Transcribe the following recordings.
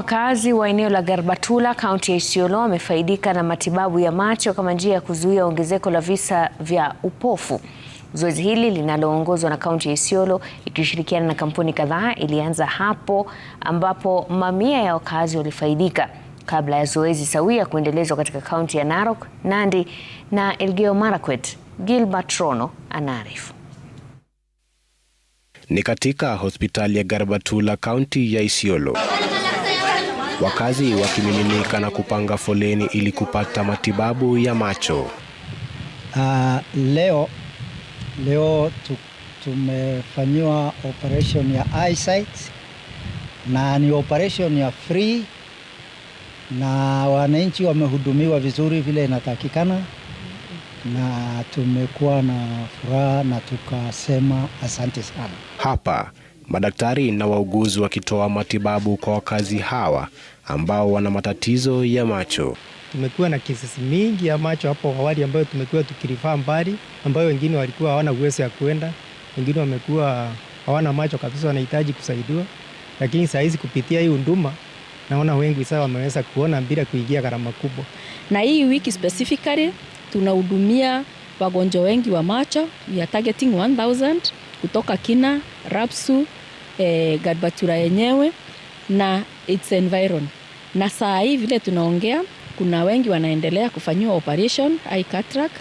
wakazi wa eneo la Garbatula kaunti ya Isiolo wamefaidika na matibabu ya macho kama njia ya kuzuia ongezeko la visa vya upofu. Zoezi hili linaloongozwa na kaunti ya Isiolo ikishirikiana na kampuni kadhaa ilianza hapo ambapo mamia ya wakazi walifaidika kabla ya zoezi sawia kuendelezwa katika kaunti ya Narok, Nandi na Elgeyo Marakwet. Gilbert Rono anaarifu. Ni katika hospitali ya Garbatula kaunti ya Isiolo wakazi wakimiminika na kupanga foleni ili kupata matibabu ya macho. Uh, leo leo tumefanyiwa operation ya eyesight na ni operation ya free na wananchi wamehudumiwa vizuri vile inatakikana, na tumekuwa na furaha na tukasema asante sana. Hapa Madaktari na wauguzi wakitoa matibabu kwa wakazi hawa ambao wana matatizo ya macho. Tumekuwa na kesi mingi ya macho hapo awali ambayo tumekuwa tukirifaa mbali, ambayo wengine walikuwa hawana uwezo ya kwenda, wengine wamekuwa hawana macho kabisa, wanahitaji kusaidiwa, lakini saa hizi kupitia hii huduma naona wengi sasa wameweza kuona bila kuingia gharama kubwa. Na hii wiki specifically tunahudumia wagonjwa wengi wa macho, we are targeting 1000 kutoka Kina, Rapsu, eh, Gadabatura yenyewe na its environment. Na saa hii vile tunaongea, kuna wengi wanaendelea kufanyiwa operation eye cataract.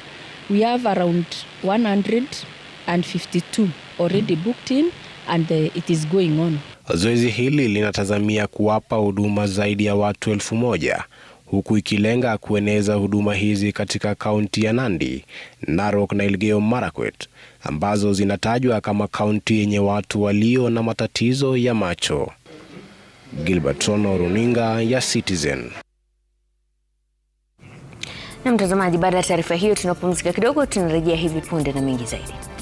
We have around 152 already booked in and the, eh, it is going on. Zoezi hili linatazamia kuwapa huduma zaidi ya watu elfu moja huku ikilenga kueneza huduma hizi katika kaunti ya Nandi, Narok na Elgeyo Marakwet ambazo zinatajwa kama kaunti yenye watu walio na matatizo ya macho. Gilbert runinga ya Citizen. Na mtazamaji, baada ya taarifa hiyo tunapumzika kidogo, tunarejea hivi punde na mengi zaidi.